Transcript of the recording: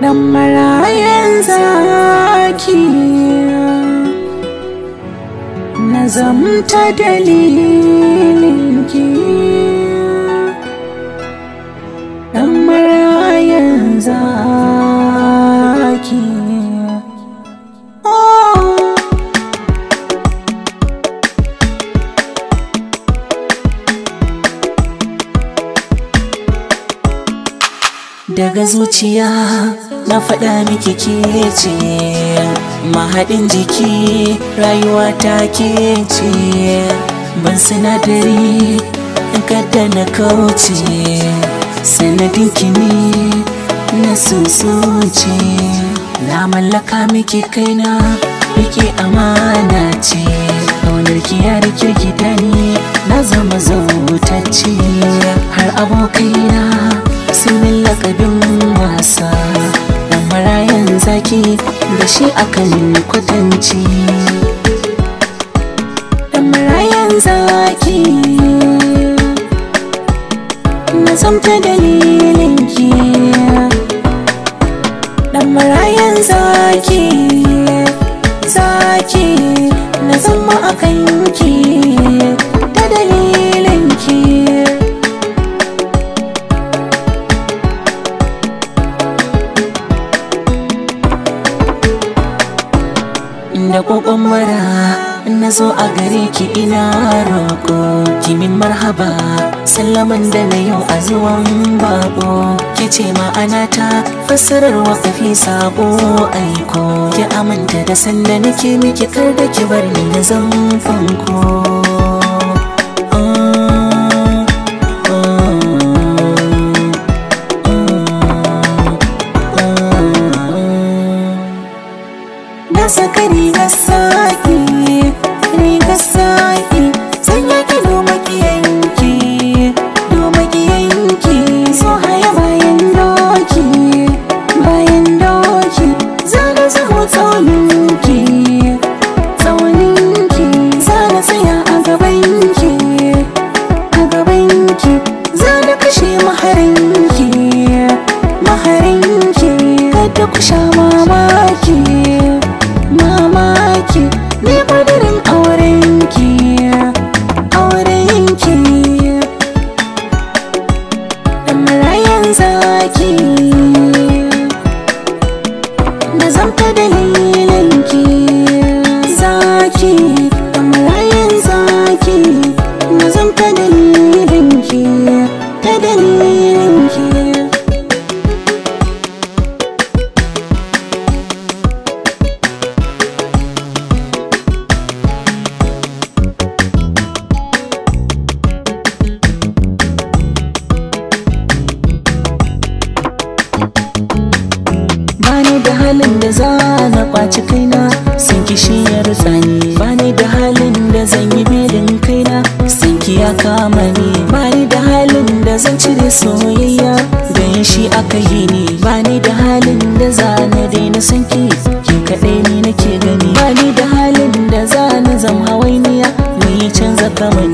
dan marayan zaki na zamta dalilinki dan marayan zaki daga zuciya na faɗa miki ke ce mahaɗin jiki rayuwa ta ke ce ban sinadari kada na kauce sanadin kini na sunsunce na mallaka miki kaina miki amana ce ƙaunar ki ya rike saki da shi akan kwatanci da marayan zaki na samta zamta dalilinki da marayan zaki zaki na zama akan da kokon mara na zo a gare ki ina roko kimin marhaba sallaman da na yau a zuwan bako ki ce ma'ana ta fassarar wakafi sabo aiko ki aminta da sanda nake miki kar da ki bar ni na zan fanko saka rigar saki rigar saki zaki da halin da za na kwaci kaina san kishiyar Ba ni da halin da zan yi belin kaina san ya kama ni Ba ni da halin da zan cire soyayya yin shi aka yi ni ni da halin da za na daina san ki ki kaɗai ni nake gani Ba ni da halin da za na zama hawainiya ni canza kama